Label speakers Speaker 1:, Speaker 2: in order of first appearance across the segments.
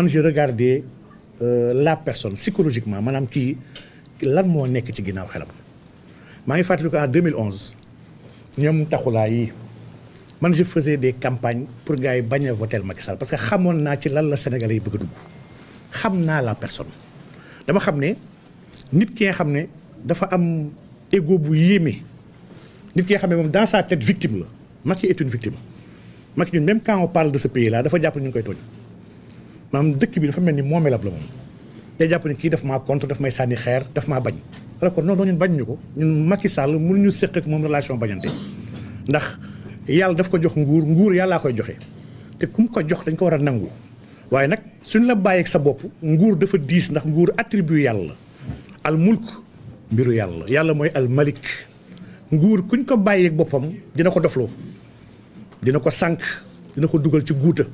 Speaker 1: man j'ai regardé euh, la personne psychologiquement maanaam kii lan mo nek ci ginaaw xelam maa ngi ko en 2011 ñom taxula yi man je faisais des campagnes pour gars yi bañ voter Macky Sall parce que xamone na ci lan la Sénégalais yi bëgg dugg la personne dama xamné nit ki nga xam dafa am ego bu yéeme nit ki nga xam dans sa tête victime la Macky est une victime Macky ñun même quand on parle de ce pays là dafa japp ñu koy tooñ maanaam dëkk bi dafa mel ni moomeelab la moom day jàpp ni kii dafa maa contre daf may sànni xeer daf maa bañ alors que non ñun bañ ñu ko ñun Macky Sall mënuñu séq ak moom relation bañante ndax yàlla daf ko jox nguur nguur yàllaa koy joxe te ku mu ko jox dañ ko war a nangu waaye nag suñ la bàyyeeg sa bopp nguur dafa diis ndax nguur attribut yàlla al mulk mbiru yàlla yàlla mooy al malik nguur kuñ ko bàyyeeg boppam dina ko dofloo dina ko sànq dina ko dugal ci guuta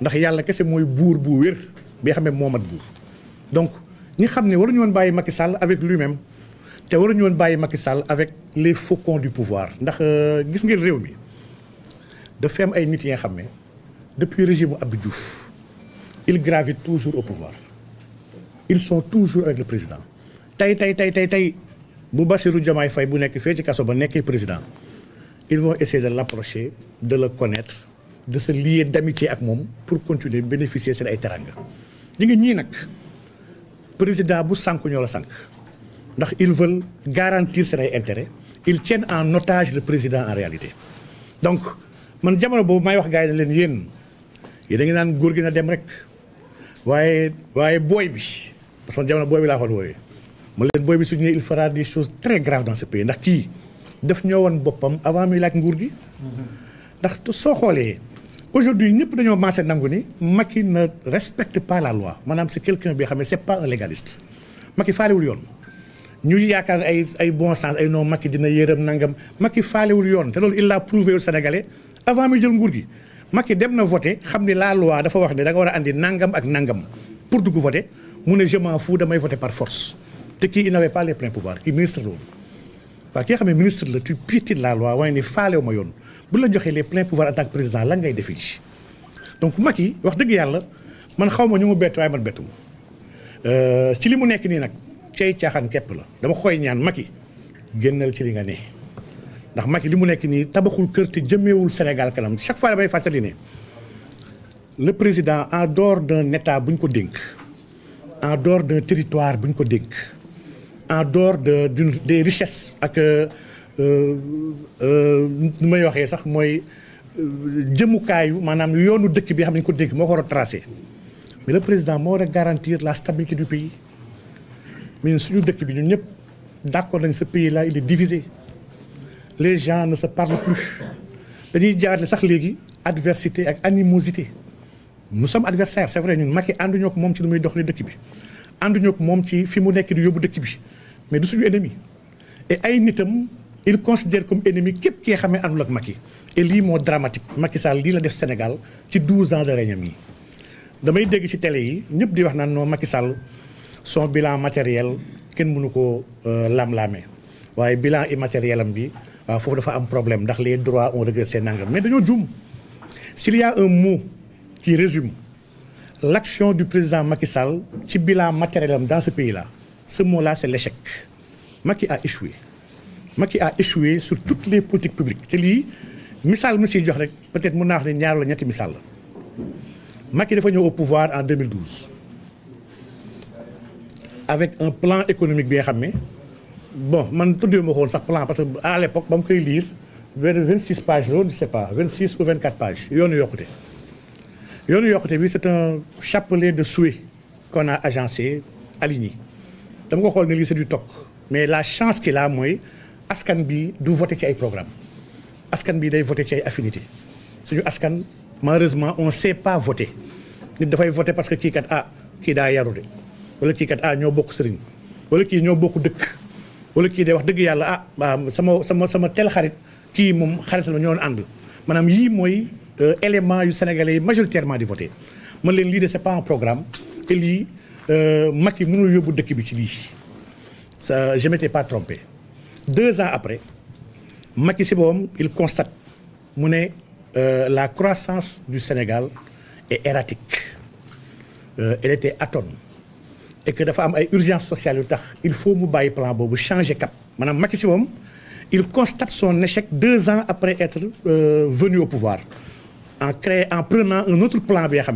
Speaker 1: ndax yàlla kese mooy buur bu wér bi xam ne moo buur donc ñi xam ne waruñu woon bàyyi Macky Sall avec lui-même te waruñu woon bàyyi Macky Sall avec les faucons du pouvoir ndax euh, gis ngeen réew mi dafa am ay nit yi nga xam ne depuis régime Abdou Diouf ils gravitent toujours au pouvoir ils sont toujours avec le président tey tey tey tey tey bu Bassirou Diomaye Faye bu nekk fee ci kaso ba nekkee président ils vont essayer de l'approcher de le connaître de se lier d'amitié ak moom pour continuer bénéficier seen ay teranga ñi ñii nag président bu sànk ñoo la sànk ndax ils veulent garantir seen ay intérêt ils tiennent en otage le président en réalité donc man jamono boobu may wax gars yi leen yéen yéen da naan góor gi na dem rek waaye waaye booy bi parce que man jamono booy bi laa xoon wooyee ma leen booy bi su ne il fera des choses très graves dans ce pays ndax kii daf ñoo woon boppam avant muy laaj nguur gi mm-hmm. soo xoolee aujourd'hui ñëpp dañoo commencé nangu ni Macky ne respecte pas la loi maanaam c'est quelqu'un bi xam c'est pas un légaliste Macky faalewul yoon ñu y ay ay bon sens ay non Macky dina yërëm nangam Macky faalewul yoon te loolu il l'a prouvé au Sénégalais avant muy jël nguur gi Macky dem na voté xam ni la loi dafa wax ne da nga war andi nangam ak nangam pour dugg voter, mu je m'en fous damay voter par force te kii il n'avait pas les pleins pouvoirs Qui ministre loolu waaw ki nga ministre la tu piétines la loi waaye ni faalewu ma yoon bu la joxee les pleins pouvoirs en tant que président lan ngay defi ji donc Macky wax dëgg yàlla man xaw ma ñu mu bett waaye man bettu euh, ci li mu nekk nii nag cay caaxaan képp la dama koy ñaan Macky génnal ci li nga ne ndax Macky li mu nekk nii tabaxul kër te jëmeewul Sénégal kanam chaque fois damay fàttali ne le président en dehors d'un état bu ñu ko dénk en dehors de territoire bu ñu ko dénk en dehors de d'une des richesses ak. Euh, euh, euh may waxe sax moy euh, jëmukaayu manam yoonu dëkk bi xam ne ko dégg moko ko tracé mais le président mo rek garantir la stabilité du pays mais suñu dëkk bi ñun ñep d'accord accord nañ ce pays là il est divisé les gens ne se parlent plus dañuy jaar sax légui adversité ak animosité nous sommes adversaires c'est vrai ñun Macky anduñu ko mom ci lu muy doxalee dëkk bi anduñu ko mom ci fi mu nekk di yóbbu dëkk bi mais du suñu ennemi et ay nitam il considère comme ennemi qui est nga xam ne Macky et lii dramatique Macky Sall il la def Sénégal ci 12 ans de règne. Dans damay dégg ci télé yi ñëpp di wax naan Macky Sall son bilan matériel ne mënu ko euh, lam-laamee bilan immatériel il bi waaw un faire am problème les droits ont régressé nangam mais nous, si s'il y a un mot qui résume l'action du président Macky Sall ci bilan matériel dans ce pays là ce mot là c'est l'échec Macky a échoué qui a échoué sur toutes les politiques publiques C'est lui, Missal monsieur, peut-être mon naa wax ñaar la ñetti Macky dafa au pouvoir en 2012 avec un plan économique bien ramé. bon man tout le monde sait sax plan parce qu'à à l'époque ba mu koy lire 26 pages je ne sais pas 26 ou 24 pages a yokkute. yoonu yokkute bi c'est un chapelet de souhaits qu'on a agencé aligné Donc on xool ne lii c'est du toc mais la chance qu'il a moi, askan bi du voter ci ay programme askan bi day voter ci ay affinité suñu askan malheureusement on sait pas voter nit fay voter parce que ki kat ah ki da yaru de wala ki kat ah ño bokk sëriñ wala ki ño bokk dëkk wala ki day wax deug yalla ah, ah sama sama sama tel xarit ki mom xarit la ñoo ànd maanaam yii mooy euh, élément yu sénégalais majoritairement di voté man len li de c'est pas un programme li euh, Macky mënul yobu dëkk bi ci li ça je m'étais pas trompé deux ans après Macky Boum, il constate que euh, la croissance du Sénégal est erratique euh, elle était atone et que y a une urgence sociale il faut que de plan boobu changer cap Madame Macky il constate son échec deux ans après être euh, venu au pouvoir en créant prenant un autre plan bi nga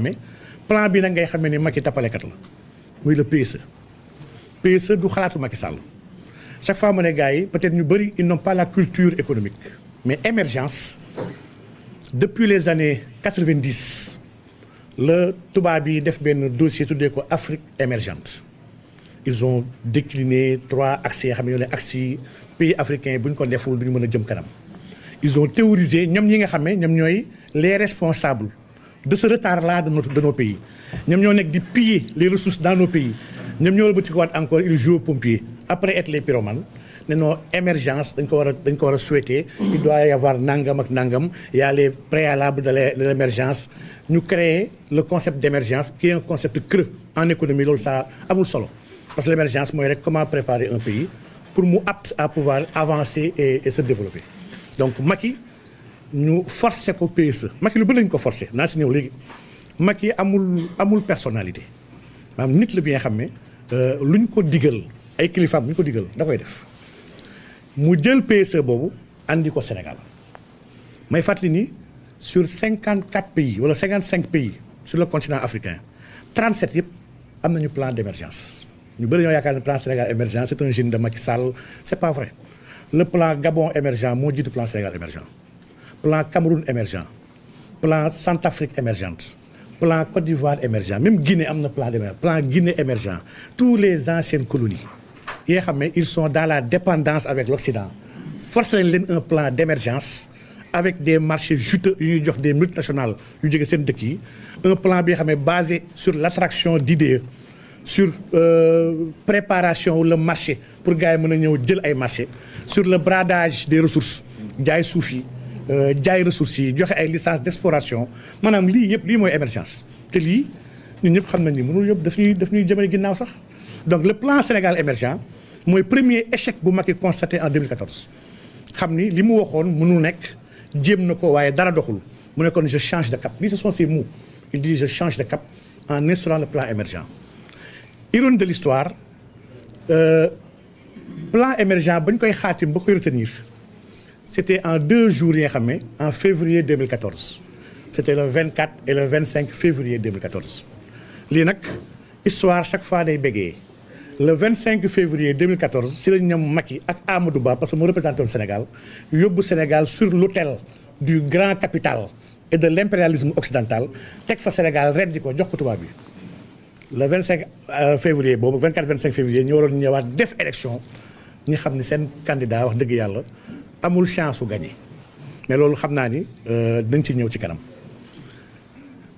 Speaker 1: plan bi nag ngay xam ne Macky le la C'est le PSE PSE du xalaatu Macky Sall chaque fois que gars peut-être nous ils n'ont pas la culture économique mais émergence depuis les années 90 le TOUBABI a fait un dossier tuddee l'Afrique Afrique émergente ils ont décliné trois axes les axes pays africains ils ont théorisé les responsables de ce retard là de de nos pays ils ont pillé les ressources dans nos pays ils ont encore ils jouent pompiers après être les pyromanes nous une émergence souhaitée. il doit y avoir nangam ak nangam il y a les préalables de l'émergence Nous créons le concept d'émergence qui est un concept creux en économie ça amul solo parce que l'émergence c'est comment préparer un pays pour être apte à pouvoir avancer et, se développer donc nous nous forcer pays pays. Maki, nous bëri lañ ko forcer Nous si une Maki amul amul personnalité Nous nit le bi nga xam ne euh, luñ ko pas ay kilifaam femmes, ñu ko digal da koy def mu jël PSE boobu andi ko Sénégal may fàttali ni sur 54 pays wala 55 pays sur le continent africain 37 yëpp am plan d'émergence ñu bëri ñoo yaakaar plan Sénégal émergent c'est un génie de Macky Sall c'est pas vrai le plan Gabon émergent moo jiitu plan Sénégal émergent plan Cameroun émergent plan Centrafrique émergente plan Côte d'Ivoire émergent même Guinée am plan plan Guinée émergent tous les anciennes colonies ils sont dans la dépendance avec l'Occident Force un plan d'émergence avec des marchés juteux des multinationales un plan basé sur l'attraction d'idées sur euh, préparation le marché pour gars yi gens puissent marché sur le bradage des ressources des soufis, Euh, ressources yi licences licence d'exploration Madame, Li, y a mooy émergence Il lii ñun Nous xam ni donc le plan Sénégal émergent Mon premier échec que j'ai constaté en 2014 Je sais que ce dara je change de cap ce sont ces mots il dit je change de cap en instaurant le plan émergent ironie de l'histoire euh, plan émergent si koy retenir c'était en deux jours en février 2014 c'était le 24 et le 25 février 2014 L'histoire, histoire chaque fois est le 25 février 2014 si le ñu Amadou Ba parce que nous représenté le Sénégal yóbbu Sénégal sur l'autel du grand capital et de l'impérialisme occidental que fa Sénégal reddi ko jox ko tubaab bi. le 25 euh, février Le 24 25 février ñu avons ñëwaat def élection Nous avons ni seen candidat wax dëgg yàlla amul chance su gagné mais lolu xamna ni ni euh, dañ ci ñew ci kanam.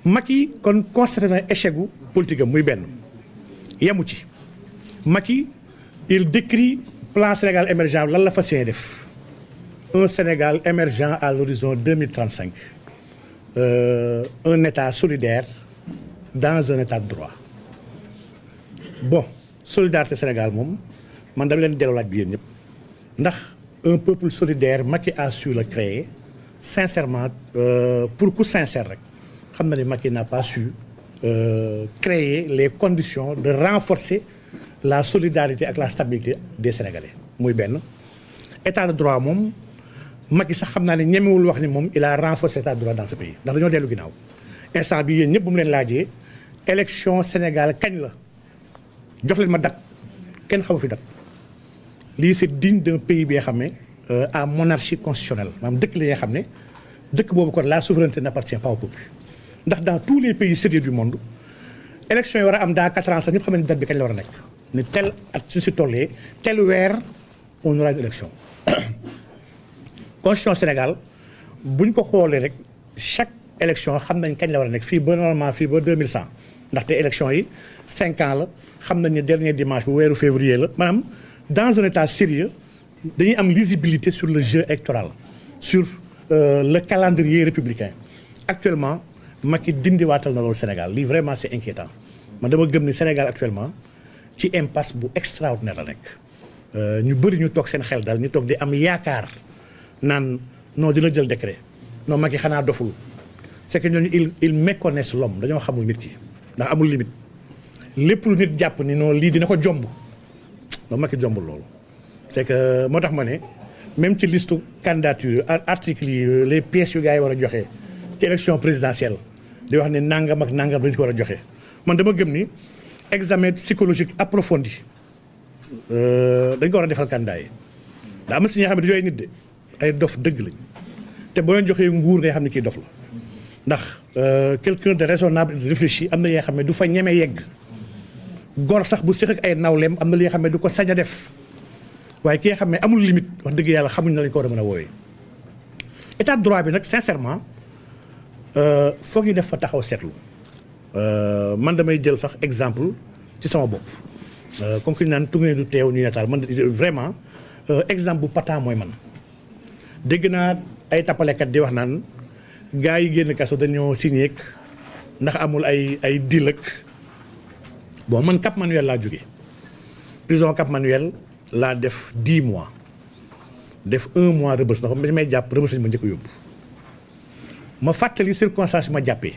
Speaker 1: Macky kon constaté na échec politique muy benn yamu ci. Maki, il décrit plan Sénégal émergent la un Sénégal émergent à l'horizon 2035 euh, un État solidaire dans un État de droit bon solidarité Sénégal mon man un peuple solidaire Macky a su le créer sincèrement euh, pour coup sincère rek na pas su euh, créer les conditions de renforcer la solidarité et la stabilité des Sénégalais muy benn état de droit mom, Macky sax xam naa ne ñemewul wax ni il a renforcé l'état de droit dans ce pays ndax dañoo dellu ginnaaw instant bi yéen ñëpp bu mu leen laajee élection Sénégal kañ la jox leen ma date kenn xamu date lii c'est digne d'un pays bi nga euh, à monarchie constitutionnelle maanaam dëkk la nga xam ne kon la souveraineté n'appartient pas au peuple ndax dans tous les pays sérieux du monde élection yi war am dans ans sax ne date bi kañ la war ne tel at su si tollee tel weer on aura une élection constitution Sénégal buñ ko xoolee rek chaque élection xam nañ kañ la war a nekk fii ba normalement fii ba 2100 ndaxte élection yi 5 ans la xam nañ ne dernier dimanche bu weeru février la dans un état sérieux dañuy am lisibilité sur le jeu électoral sur euh, le calendrier républicain actuellement Macky dindiwaatal na loolu Sénégal lii vraiment c'est inquiétant man dama gëm ni Sénégal actuellement ci impasse bu extraordinaire la nekk euh, ñu bari ñu tok seen xel dal ñu tok di am yaakaar nan non dina jël décret non Macky xana doful c'est que ñooñu il ils méconnaissent l'homme dañu xamul nit ki ndax amul limite lepp lu nit japp ni non li dina ko jomb non Macky jombul loolu. c'est que motax tax ma ne même ci liste candidature article les pièces yu gars wara joxé ci élection présidentielle di wax ni nangam ak nangam dañ ko war a man dama gëm ni. examen psychologique approfondi euh, dañ ko war a defal candidat yi daa am si ñoo xam ne du yooyu nit de ay dof dëgg lañ te boo leen joxee nguur ngay xam ne kii dof la ndax euh, quelqu'un de raisonnable de réfléchi am na yoo xam ne du fa ñeme yegg gor sax bu séq ak ay nawleem am na li nga xam ne du ko sañ a def waaye ki nga xam ne amul limite wax dëgg yàlla xamuñ na ko war a mën a woowee état droit bi nag sincèrement euh, foog ñu def fa taxaw seetlu Euh, man damay jël sax exemple ci sama bopp euh, comme que ñu naan tungee du teew ñu nataal man vraiment euh, exemple bu patent mooy man dégg naa ay tapalekat di wax naan gaa yi génn kaso dañoo signé ndax amul ay ay deal boo man Cap Manuel laa jóge prison Cap Manuel laa def 10 mois def un mois rëbës na ko may jàpp rëbës lañ ma njëkk yóbbu ma fàttali circonstance ma jàppee.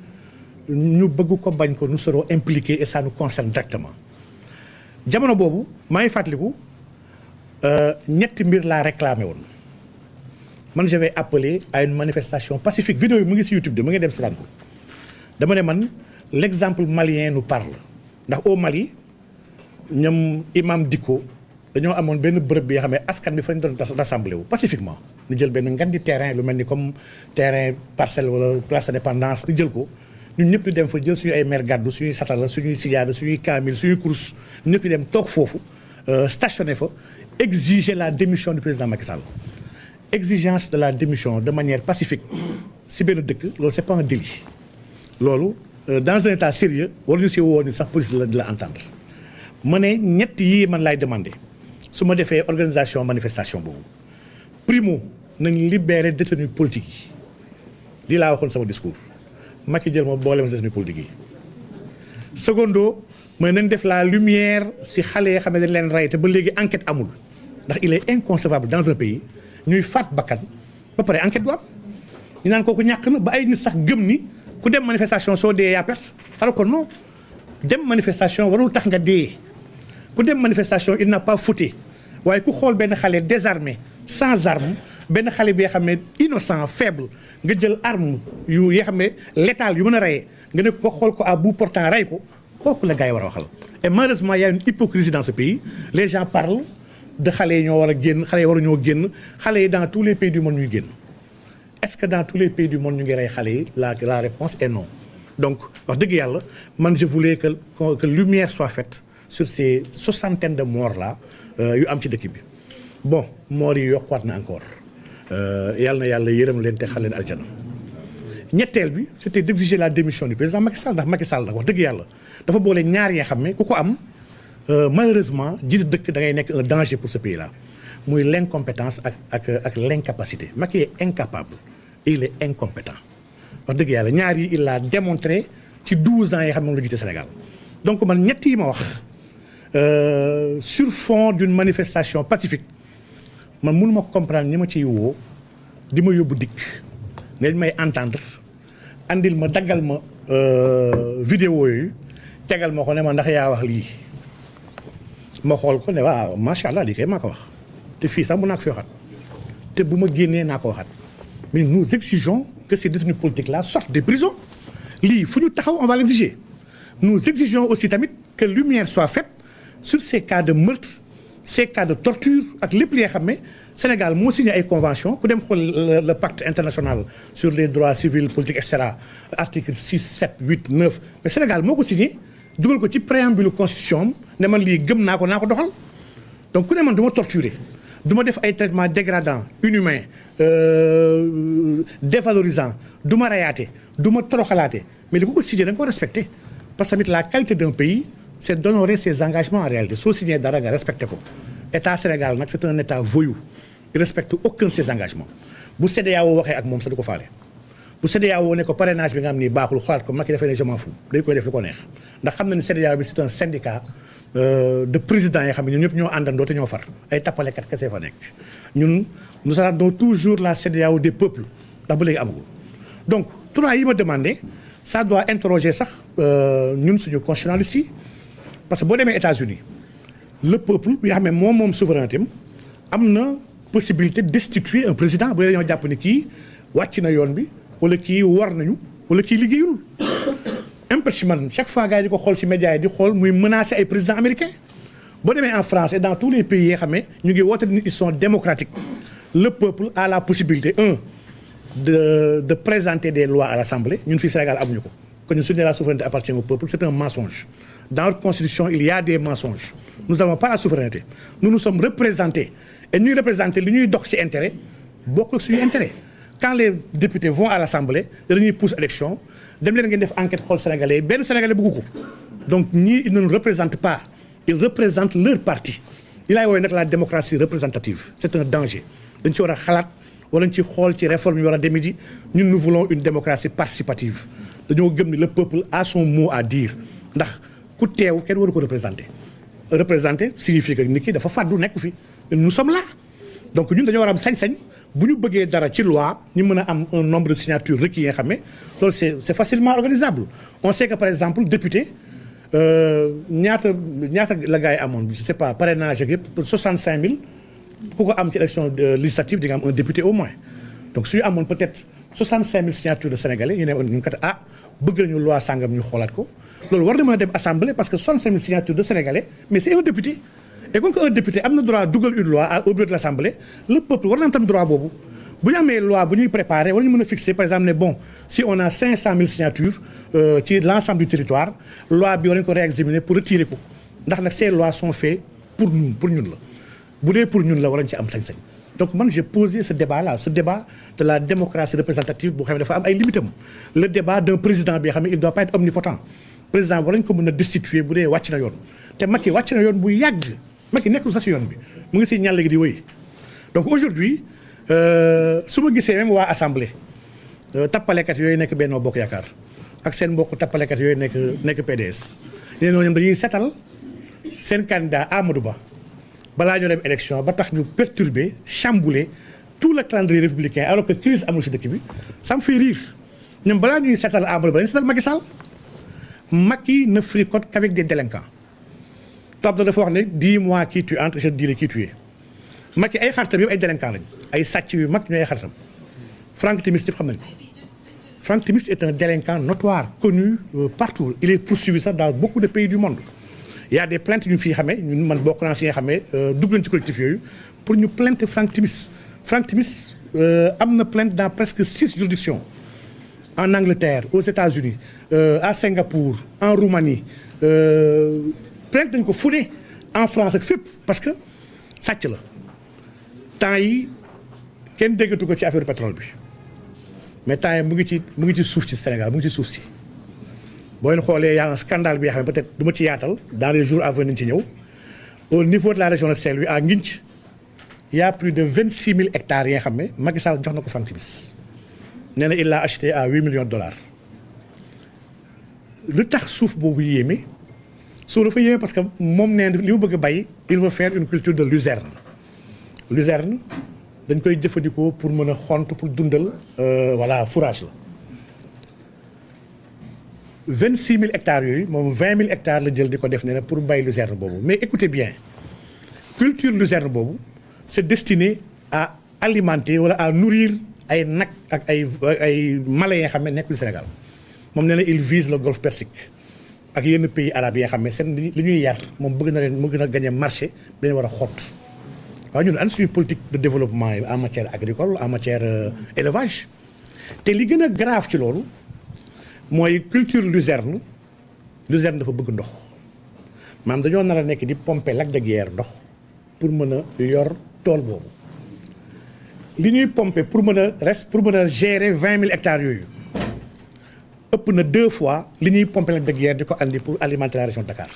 Speaker 1: nous serons impliqués et ça nous concerne directement jamono Bobu, euh, réclamé je vais appeler à une manifestation pacifique vidéo est YouTube de l'exemple malien nous parle au Mali imam dico, nous avons benn une bi avons askan une assemblée pacifiquement terrain comme terrain parcelle place d'indépendance ñun ñëpp ñu dem fa jël suñu ay mer gàddu suñuy satala kamil, sijaada suñuy kaamil suñuy course ñëpp dem toog foofu euh, stationné fa exiger la démission du président Macky Sall exigence de la démission de manière pacifique si benn dëkk ce n'est pas un délit loolu euh, dans un état sérieux on ne woo pas sax police la di la entendre ma ne ñett yii man lay demandé su ma organisation manifestation boobu primo nañ libérer détenus politiques yi lii laa waxoon sama discours Macky politique yi. secondo nañ def la lumière si xalé xamé dañ leen rey ba légui enquête amul ndax il est inconcevable dans un pays ñuy fat ba paré enquête am na ba ay nit sax gëm ni ku dem manifestation alors que non dem manifestation warul tax nga ku dem manifestation il n'a pas fouté waye ku xol désarmé sans armes, ben, xale bi nga innocent faible nga jël arme yu yoo xam létal yu mëna a nga ne ko xol ko à bout portant ray ko kooku la gay wara waxal. et malheureusement il y a une hypocrisie dans ce pays les gens parlent de xalé yi ñoo war a génn xale yi waruñoo génn dans tous les pays du monde ñu génn est-ce que dans tous les pays du monde ñu ngi ray xalé la la réponse est non donc wax deug yalla man je voulais que que lumière soit faite sur ces soixantaine de morts là euh, yu am ci dëkk bi bon mort yi yokkuwaat na encore. Euh, yalna yalla yeureum len te xalen leen aljana ñetteel bi c'était d'exiger la démission du président Macky Sall ndax Macky Sall nag wax dëgg yàlla dafa bolé ñaar yi xam ne ku ko am euh, malheureusement jiite deuk da ngay nek un danger pour ce pays là muy l'incompétence ak ak ak l'incapacité Macky est incapable il est incompétent wax deug yalla ñaar yi il a démontré ci 12 ans yi xam lu jitté Sénégal donc man ñett yi ma wax euh, sur fond d'une manifestation pacifique man mënu ma comprendre ñi ma ci wo di ma yóbbu dikk dañ may entendre andil ma dagal ma euh vidéo yooyu tégal ma ko ne ma ndax ya wax li ma xol ko ne waaw macha allah lii kay maa ko wax te fi sa mun naa ko fi waxaat te buma ma nako naa mais nous exigeons que ces détenus politiques là sortent des prisons li fuñu taxaw on va l'exiger nous exigeons aussi tamit que lumière soit faite sur ces cas de meurtre ces cas de torture ak lepp li nga Sénégal a signé ay convention ku dem le pacte international sur les droits civils politiques etc. article 6 7 8 9 mais Sénégal a signé dugal ko ci préambule constitution la ne man li gëm nako nako doxal donc ku ne man pas torturer duma def ay traitement dégradant inhumain dévalorisant euh, dévalorisants duma rayaate duma troxalaté mais li ko ko signé da ko respecter. parce que la qualité d'un pays c'est d'honorer ses engagements en réalité soo signé dara nga respecté ko état Sénégal c'est un état voyou il respecte aucun de ses engagements bu vous waxee ak moom sax du ko Vous bu wo ne ko parrainage bi nga am ni baaxul xoolaat ko maki defee ne je m'en fous dañ koy def lu ko neex ndax xam na ne CEDEAO bi c'est un syndicat euh, de président yi xam ne ñun ñëpp ñoo do te ñoo far ay kat kese fa nekk ñun nous rendons toujours la CEDEAO des peuples da bu léegi amugo donc trois yi ma demandé ça doit interroger sax euh, ñun suñu constitutionnalistes parce que est demee États-Unis le peuple bi a xam ne même souveraineté, souveraineté a la possibilité destituer un président bu dañoo jàpp ne kii wàcc na yoon bi wala kii war nañu qui est en train chaque fois gars chaque di ko xool les médias yi di xool muy menacer présidents américains on en France et dans tous les pays nous, ils sont démocratiques le peuple a la possibilité un de de présenter des lois à l'Assemblée ñun sommes Sénégal amuñu ko Que nous la souveraineté appartient au peuple c'est un mensonge dans notre constitution, il y a des mensonges. Nous n'avons pas la souveraineté. Nous nous sommes représentés. Et nous représentons l'Union d'Occident intérêt, beaucoup sur intérêt. Quand les députés vont à l'Assemblée, ils poussent l'élection, ils enquête pour Sénégalais, ben Sénégalais beaucoup. Donc, ils ne nous représentent pas. Ils représentent leur parti. Il y a la démocratie représentative. C'est un danger. Nous nous voulons une démocratie participative le peuple a son mot à dire ku teew kenn waru ko représenté représenté signifie que nit ki dafa fàddu nekk fi nous sommes là donc ñun dañoo war a am sañ-sañ bu ñu bëggee dara ci loi ñu mën a am un nombre de signatures requis yi nga xam ne loolu c'est c'est facilement organisable on sait que par exemple député euh, ñaata ñaata la gars yi amoon je sais pas parrainage ak yëpp 65000 ku ko am ci élection législative di nga am un député au moins donc suñu amoon peut-être 65000 signatures de sénégalais ñu ne ñu kat ah bëgg nañu loi sangam ñu xoolaat ko le war na parce que 65 000 signatures de sénégalais mais c'est un député et quand un député a le droit faire une loi au bureau de l'assemblée le peuple a le droit tam droit de bu loi bu préparer on peut fixer par exemple bon si on a 500 000 signatures de euh, l'ensemble du territoire la loi bi war réexaminée pour retirer ko ces lois sont faites pour nous, pour nous. pour nous, la war ci donc moi, j'ai posé ce débat là ce débat de la démocratie représentative bu xam le débat d'un président il ne doit pas être omnipotent président war nañ ko mën a destituer bu dee wàcc na yoon te Macky wàcc na yoon bu yàgg Macky nekkul sax si yoon bi mu ngi si ñàll gi di wéy donc aujourd'hui euh, su ma gisee même waa assemblée euh, tappalekat yooyu nekk Benno Bokk Yaakaar ak seen mbokk tappalekat yooyu nekk nekk PDS ñeneen ñoom dañuy setal seen candidat Amadou Ba balaa ñu dem élection ba tax ñu perturber chambouler tout le calendrier républicain alors que crise amul si dëkk bi ça me fait rire ñoom balaa ñuy setal Amadou Ba dañuy setal Macky Sall Macky ne fricote qu'avec des délinquants Tabda de le dis-moi qui tu entres je te dirai qui tu es Macky est un délinquant. Il délinquants lañ ay sàcc yu mag Franck Timis est un délinquant notoire connu euh, partout il est poursuivi ça dans beaucoup de pays du monde il y a des plaintes d'une fille, une xamee ñun man bokk naa euh, pour une plainte Franck Timis Franck Timis euh, a une plainte dans presque six juridictions en Angleterre, aux États-Unis, euh, à Singapour, en Roumanie, euh, plein de fouler en France parce que ça tient là. Tant qu'il y a quelqu'un qui a fait le patron, Mais tant qu'il y a souffle au Sénégal, il y a un Bon, il y a un scandale, peut-être, dans les jours à venir, au niveau de la région de saint à Nginch il y a plus de 26 000 hectares, il y a un ça, il y un il l'a acheté à 8 millions de dollars. Le tax souffre beaucoup y aimer. parce que mon veut il veut faire une culture de luzerne. Luzerne, c'est une culture pour faire des pour euh, fourrage. 26 000 hectares, 20 000 hectares le diable de quoi pour luzerne Mais écoutez bien, culture de luzerne c'est destiné à alimenter ou à nourrir ay nag ak ay ay mala yi nga xam ne nekkul Sénégal moom nee na il vise le golfe Persique ak yenn pays arabes yi nga xam ne seen li ñuy yar moom bëgg na leen mu gën a gagné marché dañu leen war a xott waaye ñun an suñu politique de développement en matière agricole en matière euh, élevage te li gën a grave ci loolu mooy culture luzerne luzerne dafa bëgg ndox maanaam dañoo nar a nekk di pomper Lac de guerre ndox pour mën a yor tool boobu li pompée pour reste pour gérer 20 000 hectares yooyu ëpp na deux fois li pompée pomper de guerre di ko andi pour alimenter la région de Dakar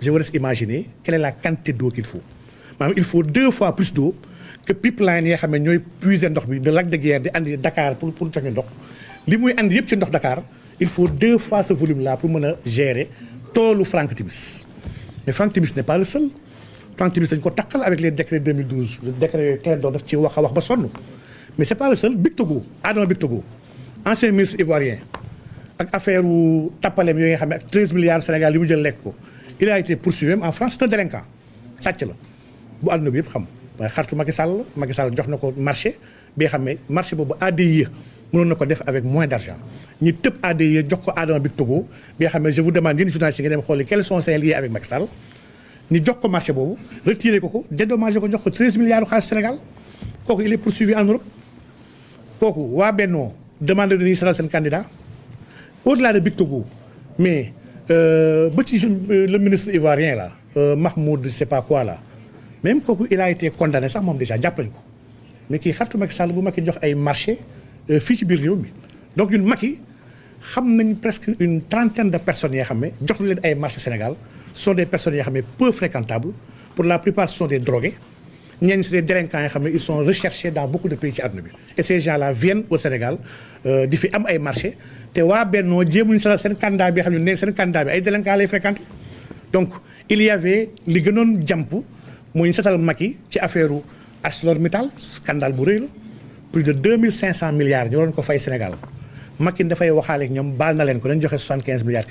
Speaker 1: je vous laisse imaginer quelle est la quantité d'eau qu'il faut il faut deux fois plus d'eau que pipeline yi nga xam ne ñooy puiser ndox bi de Lac de guerre di andi Dakar pour pour jox ñu ndox li muy andi ci Dakar il faut deux fois ce volume là pour mën a gérer toolu Franck Timis mais Franck Timis n'est pas le seul 30 bis dañ ko takkal avec les décrets 2012 le décret clair doon def ci wax wax ba mais c'est pas le seul Bictogo Adama Bictogo ancien ministre ivoirien ak affaire où tapa les nga xam 13 milliards Sénégal yi il a été poursuivi en France c'est un délinquant Ça, la bu àdduna bi yëpp xam waaye xaritu Makissal Sall Macky Sall jox na ko marché bi nga xam ne marché boobu ADIE def avec moins d'argent. Ni ñu tëb ADIE jox ko Adama Bictogo bi nga xam je vous demande nga dem quels sont ces liens avec Makissal ni jox ko marché boobu retiré ko ko dédommagé ko jox ko 13 milliards xaalis Sénégal kooku il est poursuivi en Europe kooku waa demande de ni saral seen candidat au-delà de Bictogou mais euh, ba ci euh, le ministre ivoirien là euh, Mahmoud je sais pas quoi là même kooku il a été condamné sax moom déjà jàpp nañ ko mais kii xaritu Macky Sall bu Macky jox ay marché fii ci biir réew mi donc ñun Macky xam nañ presque une trentaine de personnes yoo xam ne jox leen ay marché Sénégal sont des personnes yoo peu fréquentables pour la plupart ce sont des drogués niens des délinquants qui ils sont recherchés dans beaucoup de pays ci et ces gens là viennent au Sénégal euh, di fi am ay marchés. te waa Bennoo jéemuñu sala seen candidat bi xam ne ne seen bi ay délinquants les fréquentent. donc il y avait li gënoon jàmp mooy ñu setal Macky ci affaire u ArcelorMittal scandale bu plus de 2500 milliards ñu waroon ko fay Sénégal Macky dafay waxaale ak ñoom baal na leen ko dañ joxe 75 milliards